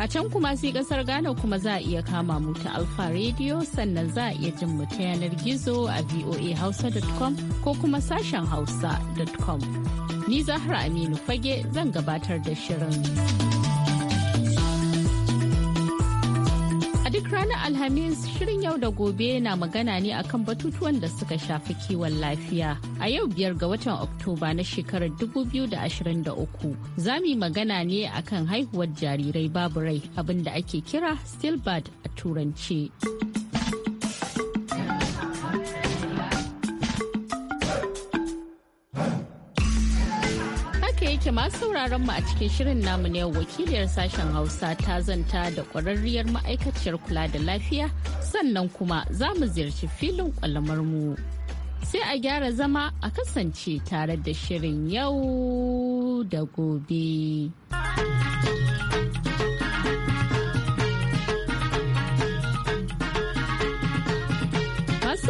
A can kuma sai kasar Ghana kuma za a iya kama mu ta Alfa Radio sannan za a iya jin mu ta yanar gizo a voahausa.com ko kuma sashen hausa.com. Ni Zahra Aminu Fage zan gabatar da shirin. ranar Alhamis shirin yau da gobe na magana ne akan batutuwan da suka shafi kiwon lafiya. A yau biyar ga watan Oktoba na shekarar 2023 za mu magana ne akan haihuwar jarirai babu rai abinda ake kira stillbirth a turance. yake masu sauraron mu a cikin shirin namu ne wakiliyar sashen Hausa ta zanta da ƙwararriyar ma'aikaciyar kula da lafiya sannan kuma za mu ziyarci filin kwalamar mu. Sai a gyara zama a kasance tare da shirin yau da gobe.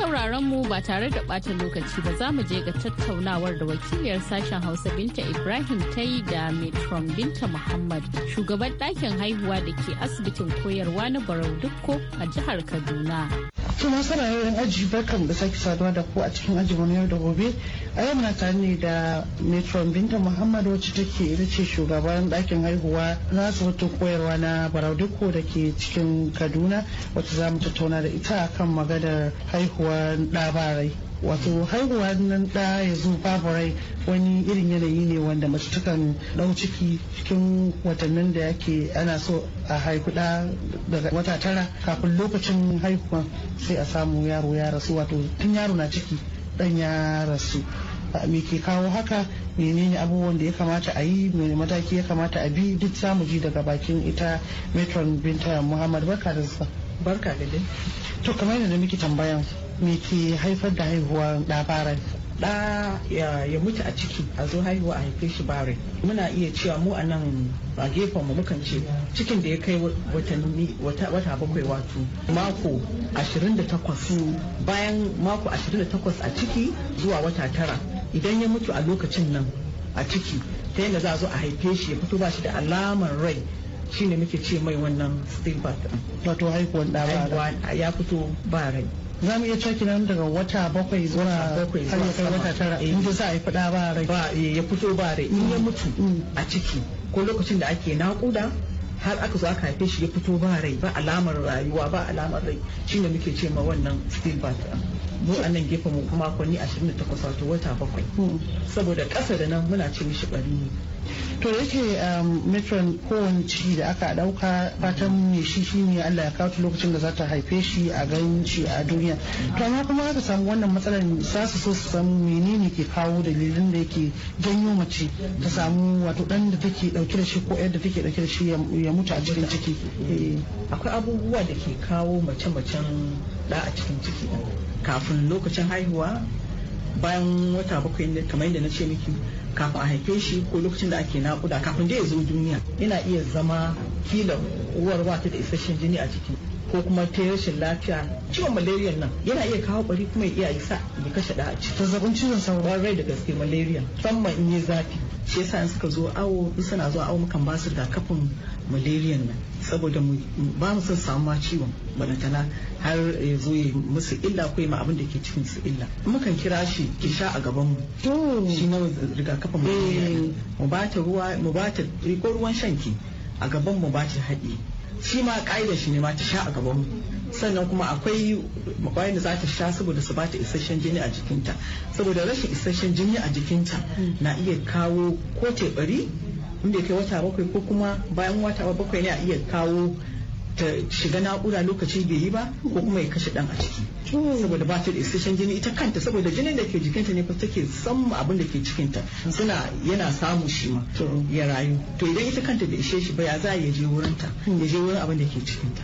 sauraron mu ba tare da bata lokaci ba za mu je ga tattaunawar da wakiliyar sashen Hausa Binta Ibrahim ta yi da Metron Binta Muhammad shugaban dakin haihuwa da ke asibitin koyarwa na Barau Dukko a jihar Kaduna. Tuna sauraron aji barkan da sake saduwa da ku a cikin ajin yau da gobe a yau na tare ne da Metron Binta Muhammad wacce take ita ce shugaban dakin haihuwa na asibitin koyarwa na Barau Dukko da ke cikin Kaduna wacce za mu tattauna da ita akan maganar haihuwa haihuwan ɗa ba rai wato haihuwa nan ɗa ya zo babu rai wani irin yanayi ne wanda mace takan ɗau ciki cikin watannin da yake ana so a haihu ɗa daga wata tara kafin lokacin haihuwa sai a samu yaro ya rasu wato tun yaro na ciki ɗan ya rasu me ke kawo haka menene abubuwan da ya kamata a yi mai mataki ya kamata a bi duk samu ji daga bakin ita metron binta muhammad barka da barka da dai to kamar yadda muke tambayan me ke haifar da haihuwar da fara da ya mutu a ciki a zo haihuwa a haife shi bare muna iya cewa mu a nan a gefen mu mukan ce cikin da ya kai watanni wata bakwai wato mako 28 bayan mako 28 a ciki zuwa wata tara idan ya mutu a lokacin nan a ciki ta yadda za a zo a haife shi ya fito ba shi da alamar rai shine muke ce mai wannan stillbirth wato haihuwar ya fito ba rai za mu iya cewa nan daga wata bakwai zuwa bakwai ya kai wata tara in da za a yi fada ba rai ba ya fito ba rai in ya mutu mm. a ciki ko lokacin da ake naƙuda har aka zo aka haife shi ya fito ba rai ba alamar rayuwa ba alamar rai shine muke ce ma wannan stillbirth mu a nan gefen mu kuma kwanni 28 wato wata bakwai hmm. saboda ƙasa da nan muna ce mishi bari ne to yake metron um, kowane ciki da aka dauka fatan mai shi shine Allah ya kawo lokacin da za ta haife shi a gan shi a duniya to amma kuma aka samu wannan matsalar za su so su san menene ke kawo dalilin da yake janyo mace ta samu wato dan da take dauke da shi ko yadda take dauke da shi ya ya mutu a cikin ciki eh, akwai abubuwa da ke kawo mace-macen da a cikin ciki kafin lokacin haihuwa bayan wata bakwai kamar yadda na ce miki kafin a haife shi ko lokacin da ake nakuda kafin da ya zo duniya yana iya zama kila uwar wata da isasshen jini a ciki. ko kuma ta rashin lafiya ciwon malaria nan yana iya kawo bari kuma ya iya sa ya kashe da a ciki zazzabin cizon sauran rai da gaske malaria musamman in yi zafi shi yasa in suka zo awo in suna zuwa awo mukan ba su rigakafin malariyan nan saboda ba mu son samu ma ciwon balantana har ya zo ya musu illa ko ma abin da ke cikin su illa mukan kira shi ki sha a gaban mu mm. shi na rigakafin malariya mm. mu ba ta ruwa mu ba ta riko ruwan shanki a gaban mu ba ta haɗi shi ma ƙa'idar shi ne ma ta sha a gaban mu sannan kuma akwai kwayoyin da za ta sha saboda su ba ta isasshen jini a jikinta saboda rashin isasshen jini a jikinta mm. na iya kawo ko teɓari in bai kai wata bakwai ko kuma bayan wata bakwai ne a iya kawo ta shiga na'ura lokaci bai yi ba ko kuma ya kashe dan a ciki saboda ba ta da isasshen jini ita kanta saboda jinin da ke jikinta ne fa take samun abin da ke cikinta suna yana samu shi ma ya rayu to idan ita kanta bai ishe shi ba ya za ya je wurinta ya je wurin abin da ke cikinta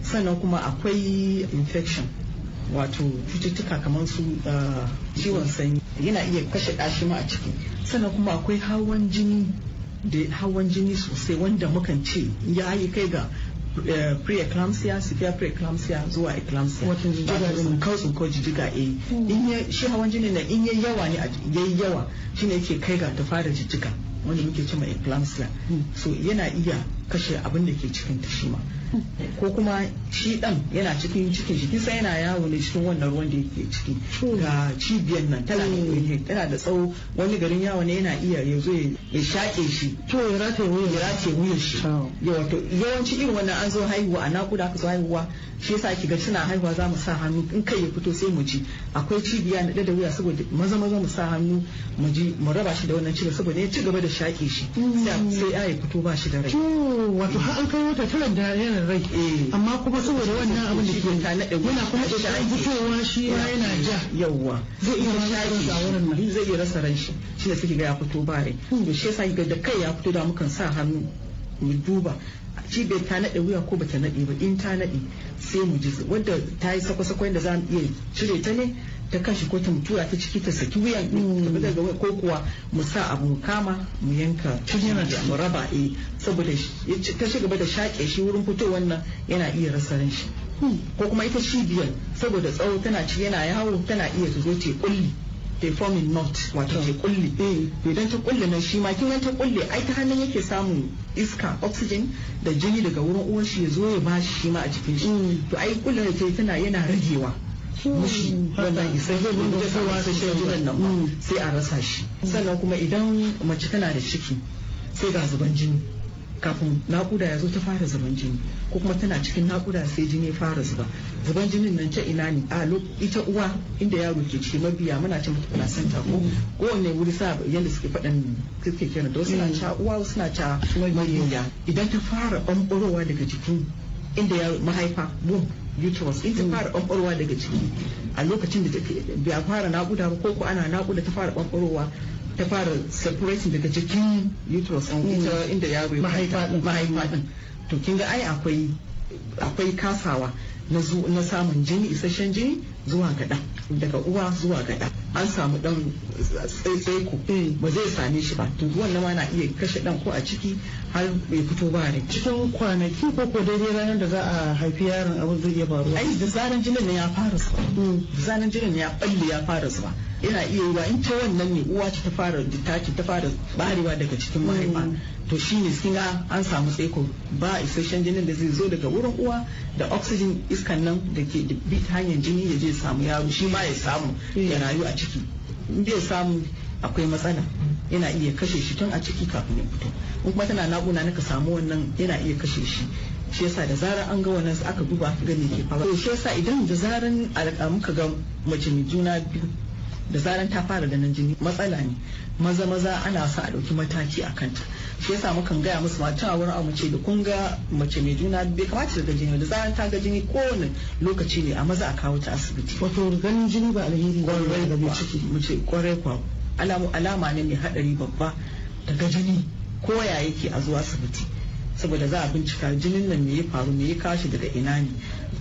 sannan kuma akwai infection wato cututtuka kamar su ah, ciwon sanyi yana iya kashe ɗashi ma a ciki sannan kuma akwai hawan jini da hawan jini sosai wanda mukan ce ya yi kai ga eh, pre-eclampsia severe pre-eclampsia zuwa eclampsia wata jijiga din kawai tsunkar jijiga eh a. shi hawan jini na in yayi yawa ne yayi yawa shine yake kai ga ta fara jijiga wanda muke cewa eclampsia hmm. so yana iya kashe abin da ke cikin ta shi ma ko kuma shi dan yana cikin cikin shi kisa yana yawo ne cikin wannan ruwan da yake ciki ga cibiyar nan tana tana da tsawo wani garin yawo ne yana iya ya zo ya shaƙe shi to ya rataye ya rataye wuyan shi wato yawanci irin wannan an zo haihuwa a nakuda aka zo haihuwa shi yasa ki ga suna haihuwa za mu sa hannu in kai ya fito sai mu ji akwai cibiya na da wuya saboda maza maza mu sa hannu mu ji mu raba shi da wannan cibiya saboda ya ci gaba da shaƙe shi mm. sai ya fito ba shi da rai wato har an kai wata tara da yana rai eh. amma kuma saboda wannan abin da ke yana kuma da an cewa shi ma yana ja yawa zai iya shaƙi a wurin nan zai iya rasa ran shi shi da suke ga ya fito ba rai hmm. to shi yasa ga da kai ya fito da mukan sa hannu mu duba shi bai ta naɗe wuya ko bata naɗe ba in ta naɗe sai mu ji wanda ta yi sako-sako da za mu iya cire ta ne ta kashi ko ta mutura ta ciki ta saki wuyan din daga ko kuwa mu sa abu kama mu yanka mu raba eh saboda ta shiga gaba da shake shi wurin fito wannan yana iya rasa ran shi hmm. ko kuma ita cibiyar saboda tsawo tana ci yana yawo tana iya ta zo ta kulli ta forming knot wato ta kulli eh. idan ta kulli nan shi ma kin ta kulli ai ta hannun yake samun iska oxygen da jini daga wurin uwar shi ya zo ya bashi shi ma a jikin shi hmm. to ai kullun da ta tana yana ragewa mushi wanda isa zai mun da cewa sai gidan nan sai a rasa shi sannan kuma idan mace tana da ciki sai ga zuban jini kafin nakuda ya zo ta fara zuban jini ko kuma tana cikin nakuda sai jini fara zuba zuban jinin nan ta ina ne a ita uwa inda yaro ke ciki mabiya muna cin placenta ko wanne wuri sa yadda suke faɗan suke kiran da uwa mabiya idan ta fara ɓamɓarowa daga jikin inda ya mahaifa boom uterus in ta mm. fara ɓanɓarwa daga ciki a lokacin da ta fara naƙuda ba ko ko ana naƙuda ta fara ɓanɓarowa ta fara separating daga cikin uterus mm. inda yaro ya mahaifa din to kin ga ai akwai akwai kasawa na samun jini isasshen jini zuwa ga daga uwa zuwa ga ɗa an samu ɗan ku mm. ba zai same shi ba to wannan ma na iya kashe ɗan ko a ciki har bai fito ba ne cikin kwanaki ko ko daidai ranar da za a haifi yaron abin zai iya faruwa ai da zaran jinin ne ya fara zuwa mm. da zaran jinin ne ya balle ya fara zuwa Ina iya yiwa in ta wannan ne uwa ta fara ta fara barewa daga cikin mahaifa mm. to shi sun an samu tseko ba isasshen jinin da zai zo daga wurin uwa da oxygen iskan nan da ke bi ta hanyar jini ya je samu yaro shi ma ya samu ya rayu a ciki in bai samu akwai matsala yana iya kashe shi tun a ciki kafin ya fito in kuma tana na naka samu wannan yana iya kashe shi shi yasa da zarar an ga wannan aka duba ga me ke fara. to shi yasa idan da zarar muka ga mace mai juna biyu da zaran ta fara ganin jini matsala ne maza maza ana sa a ɗauki mataki a kanta shi yasa mukan gaya musu ma tun a wurin amu ce da kun ga mace mai juna bai kamata ta ga jini da zaran ta ga jini kowane lokaci ne a maza a kawo ta asibiti wato ganin jini ba alheri ne ga mai ciki mace kwarai kwa alama ne mai hadari babba daga jini ko ya yake a zuwa asibiti saboda za a bincika jinin nan me ya faru me ya kashi daga ina ne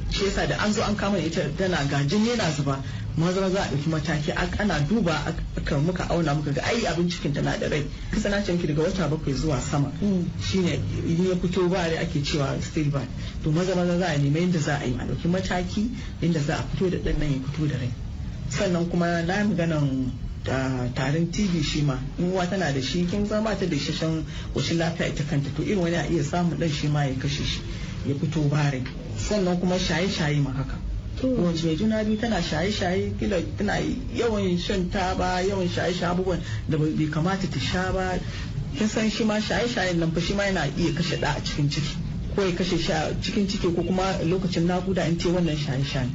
shi yasa da an zo an kama ita tana ga jini yana zuba maza za a ɗauki mataki ana duba aka muka auna muka ga ai abin cikin na da rai kasa na daga wata bakwai zuwa sama mm. shine ne ya fito ba rai ake cewa stillborn to maza maza za a nema yadda za a yi a ɗauki mataki yadda za a fito da ɗan nan ya fito da rai sannan kuma na yi maganan tarin tv shi ma in uwa tana da shi kin zama ta da isasshen washin lafiya ita kanta to irin wani a iya samun ɗan shi ma ya kashe shi ya fito rai sannan kuma shaye shaye ma haka wace mai juna biyu tana shaye-shaye kila tana yawan shan taba yawan shaye-shaye abubuwan da bai kamata ta sha ba kin san shi ma shaye-shayen nan fa shi ma yana iya kashe da a cikin ciki ko ya kashe cikin ciki ko kuma lokacin nakuda in ce wannan shaye-shaye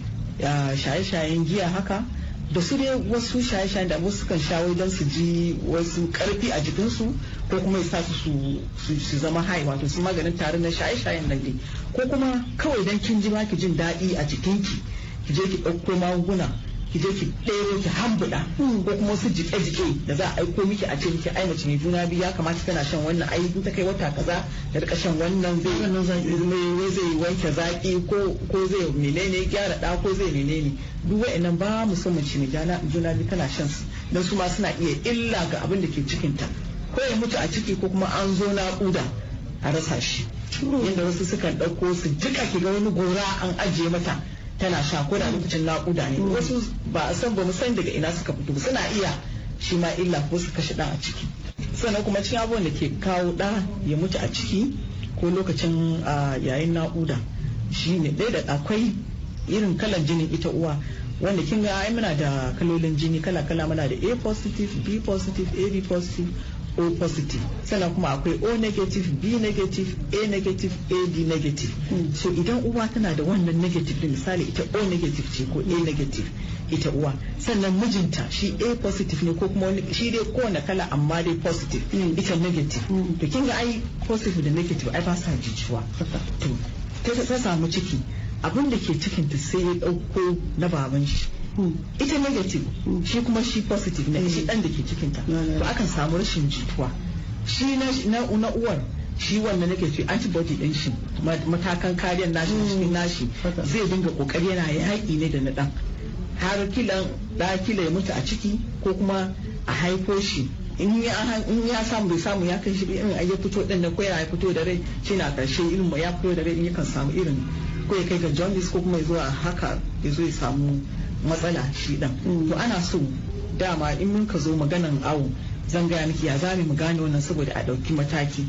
shaye-shayen giya haka da su dai wasu shaye shaye da wasu kan shawo don su ji wasu karfi a jikinsu ko kuma ya sa su su zama hai wato su maganin tarin na shaye-shayen nan dai ko kuma kawai don kin ji ki jin daɗi a jikinki ki je ki ɗauko magunguna ki je ki ɗaya ki hambuɗa ko kuma su jike-jike da za a aiko miki a ce miki ai mace juna biyu ya kamata kana shan wannan ai in ta kai wata kaza Da rika shan wannan zai zai wanke zaki ko ko zai menene gyara da ko zai menene duk wa'annan ba mu son mace mai juna biyu tana shan su dan su ma suna iya illa ga abin da ke cikinta ko ya mutu a ciki ko kuma an zo naƙuda a rasa shi yadda wasu sukan ɗauko su jika ki ga wani gora an ajiye mata tana sha ko da lokacin naƙuda ne wasu ba a san ba mu san daga ina suka fito suna iya shi ma illa ko su kashe ɗan a ciki sannan kuma cikin abubuwan da ke kawo ɗa ya mutu a ciki ko lokacin yayin naƙuda shi ne ɗaya da akwai irin kalan jinin ita uwa wanda kin ga ai muna da kalolin jini kala kala muna da A positive B positive AB positive o positive sannan kuma akwai o negative b negative a negative ad negative hmm. so idan uwa tana da wannan negative din misali ita o negative ce ko a hmm. negative ita uwa sannan mijinta shi a positive ne ko kuma shi dai kowane kala amma dai positive hmm. ita negative to kin ga ai positive da negative ai ba sa jijuwa to ta samu ciki abin da ke cikinta sai ya ɗauko na baban Hmm. ita negative hmm. shi kuma shi positive ne shi dan hmm. da ke cikin ta to akan samu rashin jituwa shi na uwar shi wannan nake ce antibody din shi matakan kariyar nashi cikin nashi zai dinga kokari yana yaƙi ne da na dan har kilan da kila ya mutu a ciki ko kuma a haifo shi in ya samu bai samu ya kai shi irin ya fito din nan ko ya fito da rai shi na karshe irin ya fito da rai in kan samu irin ko ya kai ga jaundice ko kuma ya zo a haka ya zo ya samu matsala shi ɗan mm. to ana so dama in mun ka zo maganan awo zan gaya miki ya za mu gane wannan saboda a ɗauki mataki.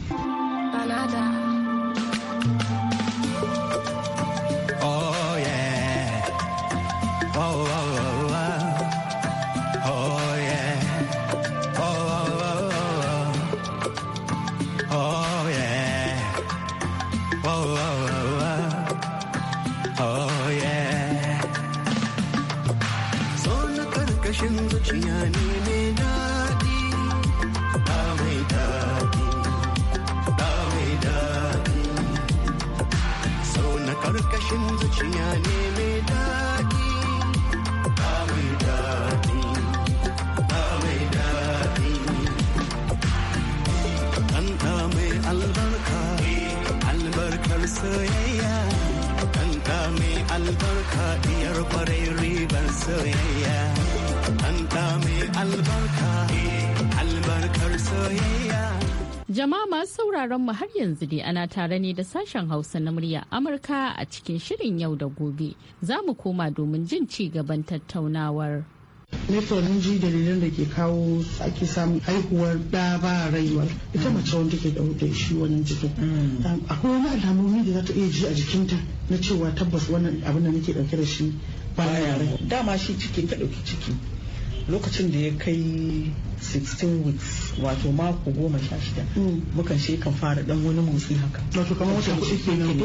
sauraron mu har yanzu dai ana tare ne da sashen Hausa na murya Amurka a cikin shirin yau da gobe. Za mu koma domin jin ci gaban tattaunawar. Nefron mun ji dalilan da ke kawo ake samun haihuwar da ba raiwa ita mace wanda ke da shi wannan cikin mm. Akwai wani alamomi da za ta iya ji a jikinta na cewa tabbas wannan abin da nake dauke da shi baya rai. Dama shi cikin ta ɗauki ciki. lokacin da ya kai 16 weeks wato mako goma sha shida mm. mukan ce kan fara dan wani motsi haka wato kamar wata kuɗi ke nan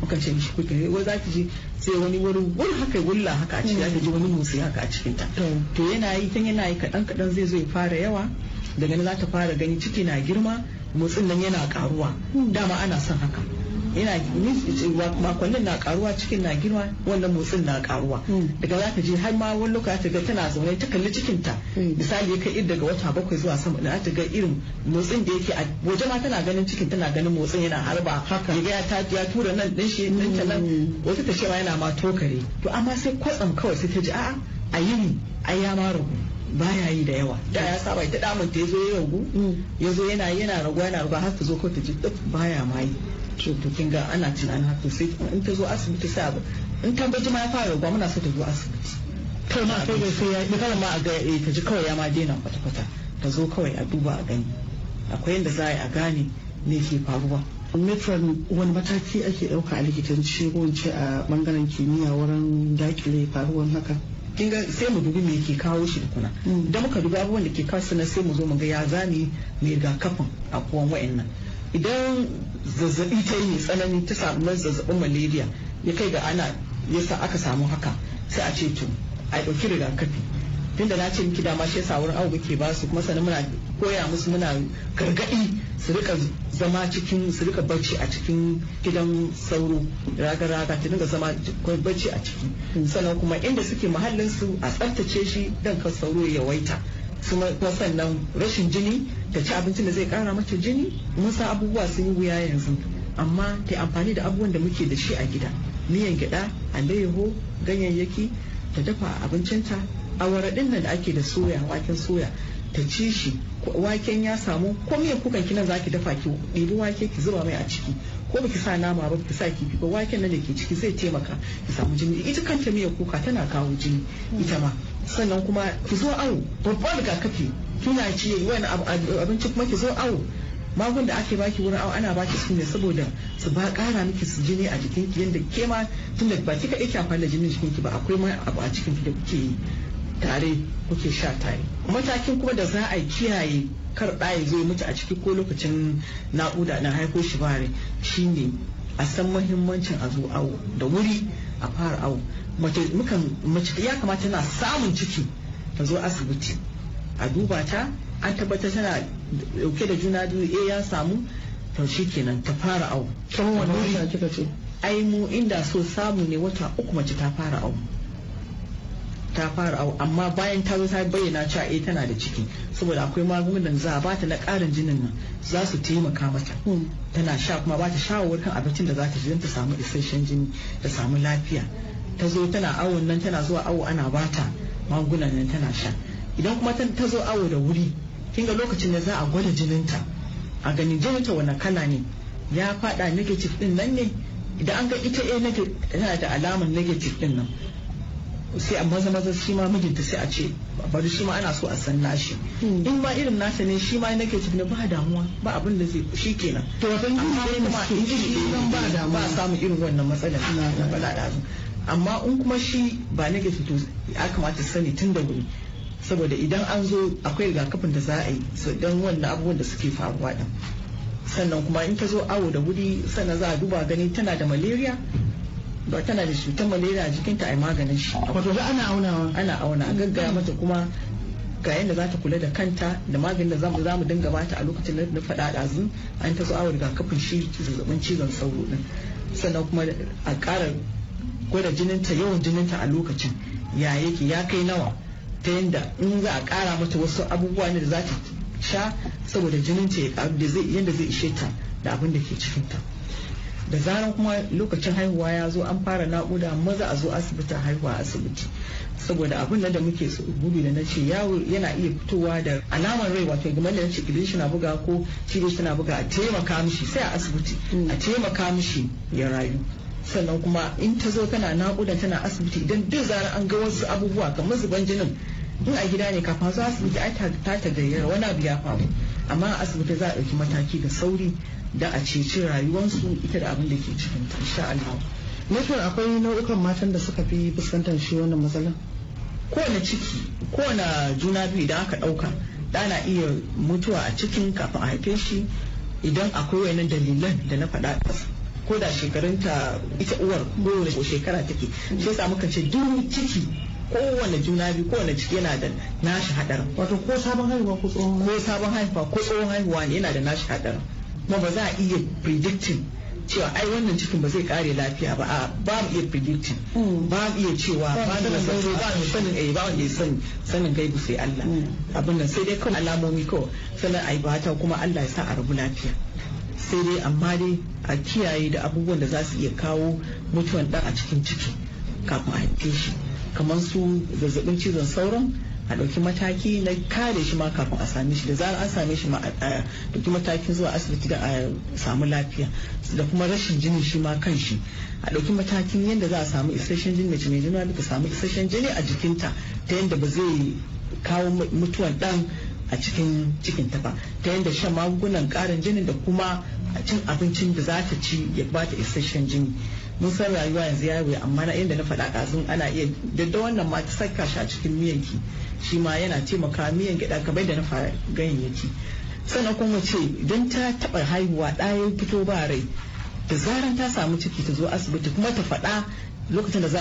mukan ce mishi kuɗi mm. eh, wai za ki ji sai wani wuri wuri haka wulla haka a ciki mm. ji wani motsi haka a cikin ta to yana yi tun yana yi kaɗan kaɗan zai zo ya fara yawa daga nan za ta fara gani ciki na girma motsin nan yana karuwa dama ana son haka yana makonnin na karuwa cikin na girma wannan motsin na karuwa hmm. daga za ta je har ma wani lokaci ta ga tana zaune ta kalli cikin ta hmm. misali ka ir daga wata bakwai zuwa sama da ta ga irin motsin da yake a waje ma tana ganin cikin tana ganin motsin yana harba haka ya ta ya tura nan din shi nan ta nan hmm. wata ta yana ma tokare to amma sai kwatsam kawai sai ta ji a'a a yi ai ya ma ragu baya yi da yawa da ya saba ta damun ta yazo ya ragu yazo yana yana ragu yana ragu har ta zo ko ta ji baya ma yi to kin ga ana tunanin haka sai in ta zo asibiti sai abu in ta baji ma ya fara ba muna so ta zo asibiti kai ma kai sai ya yi kala ma a ga ya eh, ta ji kawai ya ma daina kwata kwata ta zo kawai a duba a gani akwai yadda za a gane me ke faruwa metron wani mataki ake dauka a likitanci ko ce a bangaren kimiyya wurin dakile faruwar haka Kinga sai mu dubi me ke kawo shi kuna mm. idan muka dubi abubuwan da ke kawo suna sai mu zo mu ga ya zane mai rigakafin a kowan wa'annan idan zazzabi ta yi tsanani ta samu na zazzabin malaria ya kai ga ana yasa aka samu haka sai a ce to a ɗauki rigakafi tunda na ce miki dama shi yasa wurin awo muke ba su kuma sannan muna koya musu muna gargaɗi su rika zama cikin su rika bacci a cikin gidan sauro raga raga ta dinga zama bacci a ciki sannan kuma inda suke muhallin su a tsaftace shi dan ka sauro ya waita kuma sannan rashin jini ta ci abincin da zai kara mata jini mun san abubuwa sun yi wuya yanzu amma ta amfani da abubuwan da muke da shi a gida miyan gyada alayyaho ganyayyaki ta dafa abincinta a waraɗin nan da ake da soya waken soya ta ci shi waken ya samu ko miyan kukan kinan ki dafa ki ɗebi wake ki zuba mai a ciki ko baki sa nama ba ki sa kifi ba waken nan da ke ciki zai taimaka ki samu jini ita kanta miyan kuka tana kawo jini ita ma sannan kuma ki zo awo babban rigakafi kina ci wani abinci kuma ki zo awo magun da ake baki wurin awo ana baki su ne saboda su ba kara miki su jini a jikinki yadda ke ma tun da ba kika yake amfani da jinin jikinki ba akwai ma abu a cikin da kuke yi tare kuke sha tare matakin kuma da za a kiyaye kar ya zo mutu a ciki ko lokacin na'uda na haiko shi bare shine a san muhimmancin a zo awo da wuri a fara awo mace ya kamata tana samun ciki ta zo asibiti a duba ta an tabbatar tana dauke da juna biyu eh ya samu to kenan ta fara awo tsawon wani wata kika ce ai mu inda so samu ne wata uku mace ta fara awo ta fara awo amma bayan ta zo ta bayyana cewa eh tana da ciki saboda akwai magungunan za a bata na karin jinin nan za su taimaka mata hmm. tana sha kuma bata shawarwarin abincin da za ta ji don ta samu isasshen jini ta samu lafiya ta zo tana awon nan tana zuwa awo ana bata magunan nan tana sha idan kuma ta zo awo da wuri kin ga lokacin da za a gwada jininta a gani jininta wani kala ne ya fada negative din nan ne idan an ga ita a eh negative tana da alaman negative din nan sai a maza maza shi ma mijinta sai a ce bari shi ma ana so a san nashi hmm. in ma irin nasa ne shi ma nake cikin ba damuwa ba abin da zai shi kenan to wata yi ne ma in ji ba damuwa ba samu irin wannan matsalar na bala da amma in kuma shi ba na to ya kamata sani tun da wuri saboda idan an zo akwai rigakafin da za a yi don wannan abubuwan da suke faruwa din sannan kuma in ta zo awo da wuri sannan za a duba gani tana da malaria ba tana da cutar malaria jikinta a yi maganin shi wato za ana aunawa ana auna a gaggaya mata kuma ga yadda za ta kula da kanta da maganin da za mu dinga bata a lokacin da na faɗa ɗazu an ta zo awo rigakafin shi zazzabin cizon sauro din sannan kuma a ƙara gwada jininta yawan jininta a lokacin ya yake ya kai nawa ta yadda in za a kara mata wasu abubuwa ne da za ta sha saboda jininta ya karu da zai yadda zai ishe ta da abin da ke cikinta da zarar kuma lokacin haihuwa ya zo an fara nakuda maza a zo asibitin haihuwa asibiti saboda abin nan da muke gudu da na ce yawo yana iya fitowa da alamar rai wato game da ce kibin shi na buga ko cibin shi na buga a taimaka mishi sai a asibiti a taimaka mishi ya rayu sannan kuma in ta zo tana naƙudan tana asibiti idan duk zara an ga wasu abubuwa ga mazuban jinin in a gida ne kafin su asibiti ai ta ta gayyara wani abu ya faru amma a asibiti za a ɗauki mataki da sauri da a ceci rayuwarsu ita da abin da ke cikin ta insha Allah. mutum akwai nau'ukan matan da suka fi fuskantar shi wannan matsalar? Kowane ciki, kowane juna biyu idan aka ɗauka ɗana iya mutuwa a cikin kafin a haife shi idan akwai wayannan dalilan da na faɗa ko da shekarunta ita uwar ko shekara take shi yasa muka ce duk ciki kowane juna biyu kowane ciki yana da nashi hadarin wato ko sabon haihuwa ko tsohon ko sabon haihuwa ko tsohon haihuwa ne yana da nashi hadarin kuma ba za a iya predicting cewa ai wannan cikin ba zai kare lafiya ba a ba mu iya predicting hmm. ba mu iya cewa ba mu sanin ba mu sanin eh ba wanda ya sani sanin gaibu sai Allah hmm. abin nan sai dai kawai alamomi kawai sanin ai ba ta kuma Allah ya sa a rabu lafiya sai dai amma dai a kiyaye da abubuwan da za su iya kawo mutuwan ɗan a cikin ciki kafin a haife shi kamar su zazzabin cizon sauran a ɗauki mataki na kare shi ma kafin a same shi da zarar an same shi ma a ɗauki matakin zuwa asibiti da a samu lafiya da kuma rashin jini shi ma kan shi a ɗauki matakin yadda za a samu isasshen jini mace mai juna duka samu isasshen jini a jikinta ta yadda ba zai kawo mutuwan ɗan a cikin cikin tafa ta yadda shan magungunan karin jinin da kuma cin abincin da za ta ci ya ba ta isasshen jini mun san rayuwa yanzu ya yi amma na inda na faɗa ƙazun ana iya daddawan wannan ma ta saka shi a cikin miyanki shi ma yana taimaka miyan gyaɗa kamar da na fara ganyayyaki sannan kuma ce idan ta taɓa haihuwa ɗaya fito ba rai da zaran ta samu ciki ta zo asibiti kuma ta faɗa lokacin da za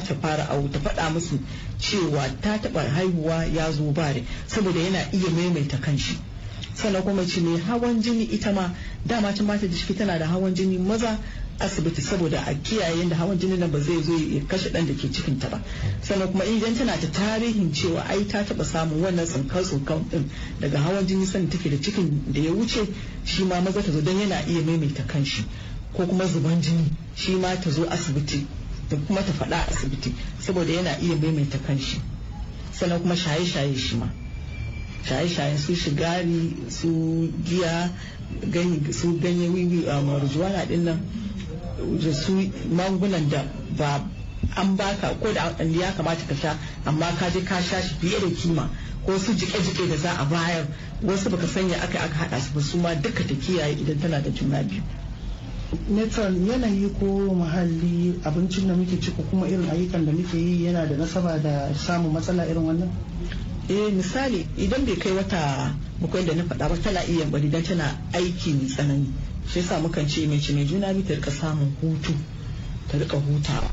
ta fara au ta faɗa musu cewa ta taɓa haihuwa ya zo bare saboda yana iya maimaita kanshi sannan kuma ci ne hawan jini ita ma dama ta mata shi tana da hawan jini maza asibiti saboda a kiyaye da hawan jini nan ba zai zo ya kashe dan da ke cikin ta ba sannan kuma idan tana ta tarihin cewa ai ta taba samun wannan tsinkan tsinkan din daga hawan jini sanda take da cikin da ya wuce shi ma maza ta zo dan yana iya maimaita kanshi ko kuma zuban jini shi ma ta zo asibiti kuma ta faɗa a asibiti saboda yana iya maimaita kanshi sannan kuma shaye-shaye shi ma shaye shaye su shigari su giya su ganye wiwi a marijuana din nan da su magungunan da ba an baka ko da ya kamata ka sha amma ka je ka sha shi fiye da kima ko su jike-jike da za a bayar wasu baka sanya aka aka haɗa su ba su ma duka ta kiyaye idan tana da juna biyu natural yanayi ko muhalli abincin da muke ci ko kuma irin ayyukan da muke yi yana da nasaba da samun matsala irin wannan eh misali idan bai kai wata bakwai da na faɗa ba tana iya bari dan tana aiki mai tsanani shi yasa mukan ce mai ci mai juna biyu ta rika samun hutu ta rika hutawa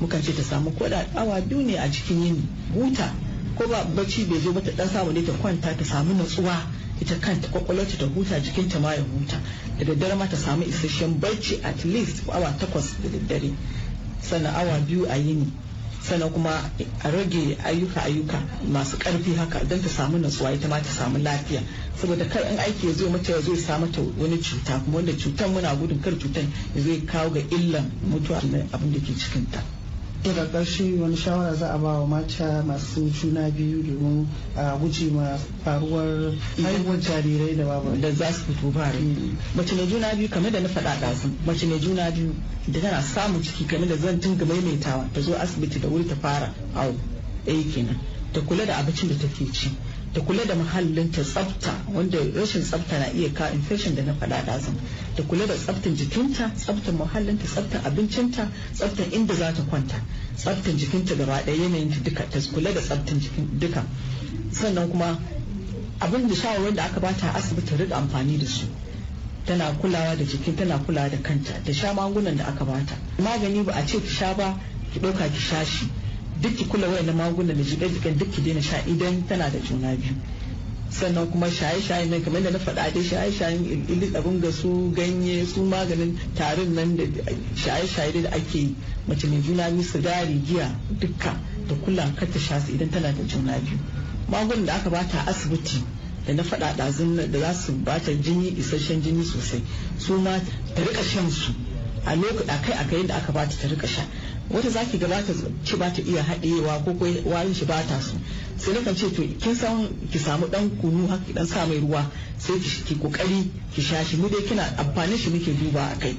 mukan ce ta samu da awa biyu ne a cikin yini huta ko ba bacci bai zo ba ta dan samu ne ta kwanta ta samu natsuwa ita kanta kwakwalwarta ta huta jikinta ma ya huta da daddare ma ta samu isasshen barci at least awa takwas da daddare sannan awa biyu a yini sannan kuma a rage ayyuka ayyuka masu karfi haka don ta samu natsuwa ita ma ta samu lafiya saboda kar in aiki ya zo mata ya zo ya samu ta wani cuta kuma wanda cutan muna gudun kar cutan ya zai kawo ga illan mutuwa abin da ke cikinta. da karshe wani shawara za a ba wa mata masu juna biyu domin a guje ma faruwar haihuwar jarirai da babu da za su fito ba mm. mace mai juna biyu kamar da na faɗa ɗazu mace mai juna biyu da tana samun ciki kamar da zan tunga maimaitawa ta zo asibiti da wuri ta fara awo ɗaya kenan ta kula da abincin da take ci da kula da muhallin ta tsafta wanda rashin tsafta na iya ka infection da na faɗa ɗazun da kula da tsaftan jikinta tsaftan muhallin ta tsaftan abincinta tsaftan inda za ta kwanta tsaftan jikinta gaba ɗaya yanayin ta duka ta kula da tsaftan jikin duka sannan kuma abin da da aka bata a asibiti rika amfani da su tana kulawa da jikin tana kulawa da kanta ta sha magungunan da aka bata magani ba a ce ki sha ba ki ɗauka ki sha shi duk kula wayan magunguna mai jiƙe jiƙen duk ki daina sha idan tana da juna biyu sannan kuma shaye-shaye nan kamar da na faɗa dai shaye-shayen ilis abin ga su ganye su maganin tarin nan da shaye-shaye da ake mace mai juna biyu su gari giya dukka da kula kar ta sha su idan tana da juna biyu magun da aka bata asibiti da na faɗa da za su bata jini isasshen jini sosai su ma ta rika shan su a lokaci akai akai da aka bata ta rika sha wata za ki gabata ki ba ta iya haɗewa ko warin shi ba ta su sai na ce to kin san ki samu dan kunu haka dan sa mai ruwa sai ki kokari ki sha shi mu dai kina amfani shi muke duba a kai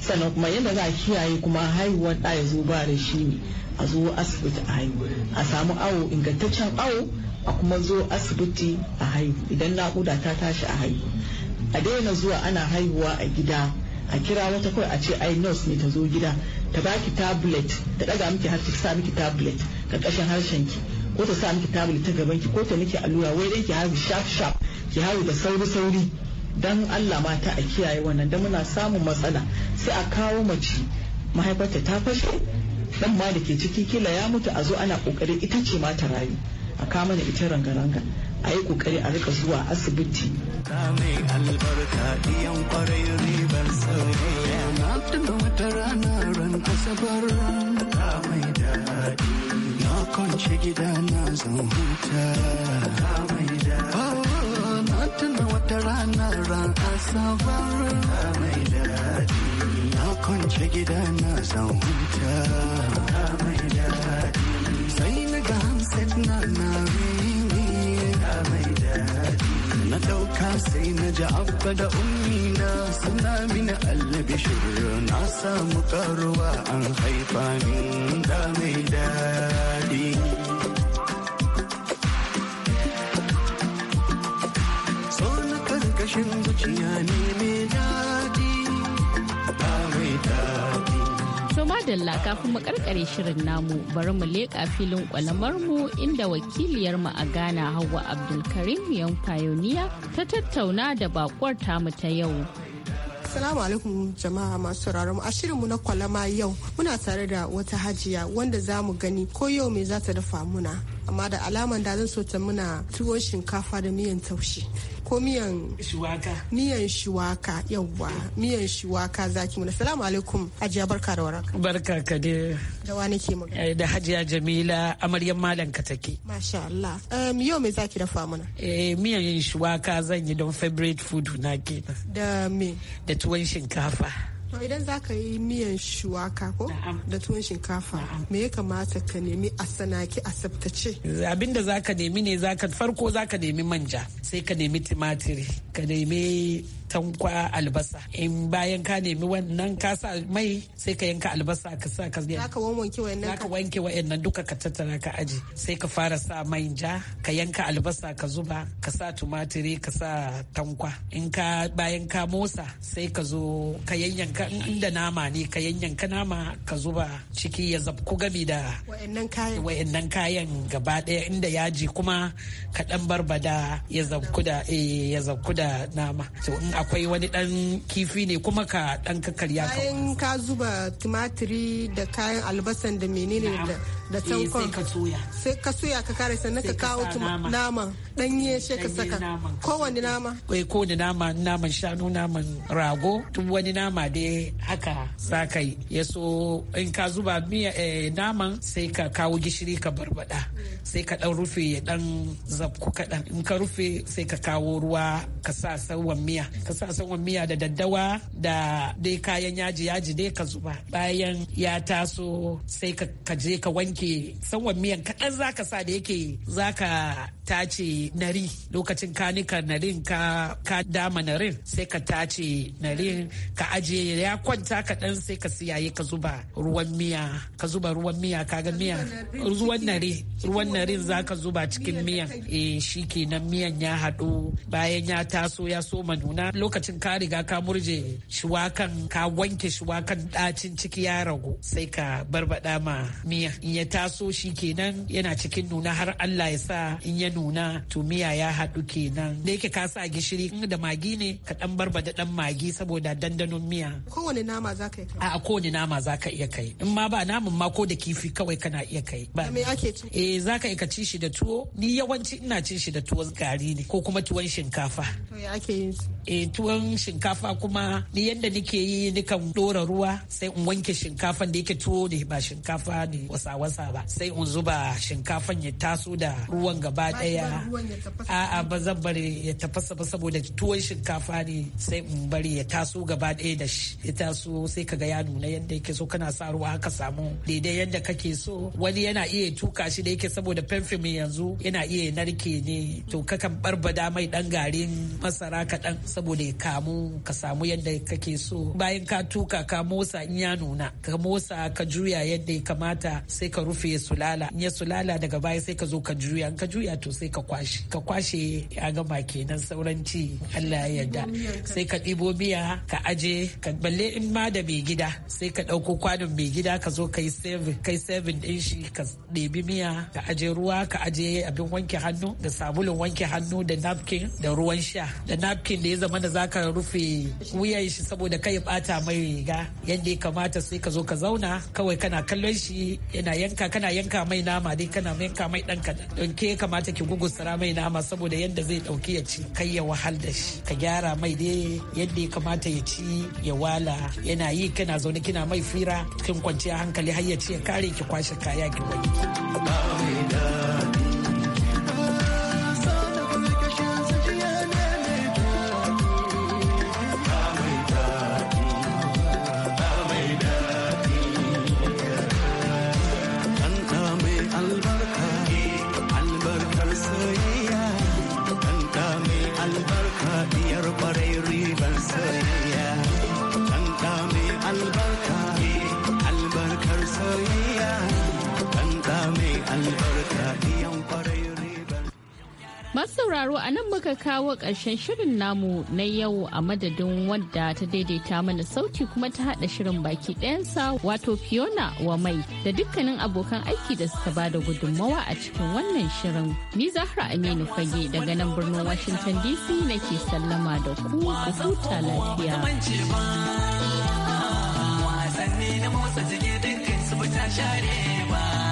sannan kuma yadda za a kiyaye kuma haihuwar ɗa ya zo ba da shi ne a zo asibiti a haihu a samu awo ingantaccen awo a kuma zo asibiti a haihu idan naƙuda ta tashi a haihu a daina zuwa ana haihuwa a gida a kira wata kawai a ce ai nurse ne ta zo gida ta baki tablet ta daga miki har ta sa miki tablet karkashin harshen ki ko ta sa miki tablet ta gaban ki ko ta miki allura wai dai ki haru sharp sharp ki haru da sauri sauri dan Allah mata a kiyaye wannan dan muna samun matsala sai a kawo mace mahaifarta ta fashe dan ma da ke ciki kila ya mutu a zo ana kokari ita ce ma ta rayu a kama da ita ranga-ranga a yi kokari a rika zuwa asibiti kwance gida na zan huta na tuna wata rana ran asabar mai daɗi na kwance gida na zan huta sai na ga hanset na na na ɗauka sai na ji abba da ummina suna mini albishir na samu karuwa an haifa min da mai daɗi. So na karkashin zuciya ne dalla kafin mu karkare shirin namu bari mu leƙa filin kwalamar mu inda wakiliyar mu a Ghana Hauwa Abdulkarim yan Pioneer ta tattauna da bakwar tamu ta yau. Assalamu alaikum jama'a masu sauraron a shirin mu na kwalama yau muna tare da wata hajiya wanda za mu gani ko yau me za ta dafa muna amma da alaman da zan so ta muna tuwon shinkafa da miyan taushe. ko miyan shuwaka miyan shuwaka yawwa miyan shuwaka zaki mun assalamu alaikum hajiya barka da waraka barka ka da da wa nake magana eh, da hajiya jamila amaryan malam ka take masha Allah um, yau me zaki dafa mana eh miyan shuwaka zan yi don favorite food na kenan da me da tuwon shinkafa To idan za ka yi miyan shuwaka ko da tuwon shinkafa me ya kamata ka nemi a sanaki a tsaftace? Abin da za ka nemi ne farko za ka nemi manja sai ka nemi timatiri ka nemi tankwa albasa in bayan ka nemi wannan ka sa mai sai ka yanka albasa ka sa ka ka wanke wayannan ka wanke duka ka tattara ka aji sai ka fara sa mai ja ka yanka albasa ka zuba ka sa tumatiri ka sa tankwa in ka bayan ka motsa sai ka zo ka yanyanka inda nama ne ka yanyanka nama ka zuba ciki ya ku gami da nan kayan gaba daya inda yaji kuma ka dan barbada ya zab da eh, ya da nama to in akwai wani dan kifi ne kuma ka dan kakkarya ka bayan ka zuba tumatiri da kayan albasan da menene da da tankon eh, sai ka soya ka kare sannan ka kawo nama danye shi ka saka kowane nama kai ko da nama naman shanu naman rago duk wani nama da haka za ya so in ka zuba miya eh, naman sai ka kawo gishiri ka barbada sai ka dan rufe ya dan zabku kaɗan in ka rufe sai ka kawo ruwa ka sa sawan miya ka sa sawan miya da daddawa da dai kayan yaji yaji dai ka zuba bayan ya taso sai ka je ka wanke ke sanwan miyan kaɗan za ka sa da yake za ka tace nari lokacin ka nika narin ka ka dama narin sai ka tace narin ka ajiye ya kwanta kaɗan sai ka siyaye ka zuba ruwan miya ka zuba ruwan miya ka ga miya ruwan nare ruwan narin za ka zuba cikin miyan eh, shi nan miyan ya haɗu bayan ya taso ya soma nuna. lokacin ka riga ka murje shiwakan ka wanke shuwakan ɗacin ciki ya ragu sai ka barbaɗa ma miya in ya taso shi kenan yana cikin nuna har Allah ya sa in ya nuna to miya ya haɗu kenan da yake ka sa gishiri in da magi ne ka dan da dan magi saboda dandanon miya kowane nama za ka yi a kowane nama za ka iya kai in ma ba namun ma ko da kifi kawai kana iya kai ba me ake ci eh za ka iya ci shi da tuwo ni yawanci ina cin shi da tuwon gari ne ko kuma tuwon shinkafa to ya ake yin eh tuwon shinkafa kuma ni yanda nake yi nikan dora ruwa sai in wanke shinkafan da yake tuwo ne ba shinkafa ne wasa tafasa ba sai in zuba shinkafan ya taso da ruwan gaba daya a'a ba zan bari ya tafasa ba saboda tuwon shinkafa ne sai in bari ya taso gaba daya da shi ya taso sai kaga ya nuna yadda yake so kana sa ruwa ka samu daidai yadda kake so wani yana iya tuka shi da yake saboda mai yanzu yana iya narke ne to kakan barbada mai dan garin masara kaɗan saboda ya kamu ka samu yadda kake so bayan ka tuka ka motsa in ya nuna ka motsa ka juya yadda ya kamata sai ka rufe ya sulala in ya sulala daga baya sai ka zo ka juya ka juya to sai ka kwashe ka kwashe ya gama kenan sauran ci Allah ya yarda sai ka ɗibo miya ka aje ka balle in ma da mai gida sai ka ɗauko kwanon mai gida ka zo ka yi seven kai seven ɗin shi ka ɗebi miya ka aje ruwa ka aje abin wanke hannu da sabulun wanke hannu da napkin da ruwan sha da napkin da ya zama da zaka rufe wuyan shi saboda kai ya bata mai riga yadda ya kamata sai ka zo ka zauna kawai kana kallon shi yana yanka yanka kana yanka mai nama dai kana yanka mai dan don ke kamata ki gugusura mai nama saboda yadda zai dauki ya ci kai ya wahal da shi ka gyara mai dai yadda ya kamata ya ci ya wala yana yi kana zaune kina mai fira kin kwanciya hankali har ya ci ya kare ki kwashe kaya ki bari. muka kawo ƙarshen shirin namu na yau a madadin wadda ta daidaita mana sauti kuma ta haɗa shirin baki ɗayansa wato Fiona wa mai da dukkanin abokan aiki da suka ba da gudunmawa a cikin wannan shirin. Ni Zahra Aminu Fage daga nan birnin Washington DC nake sallama da ku ku huta lafiya. Wasanni na motsa su ta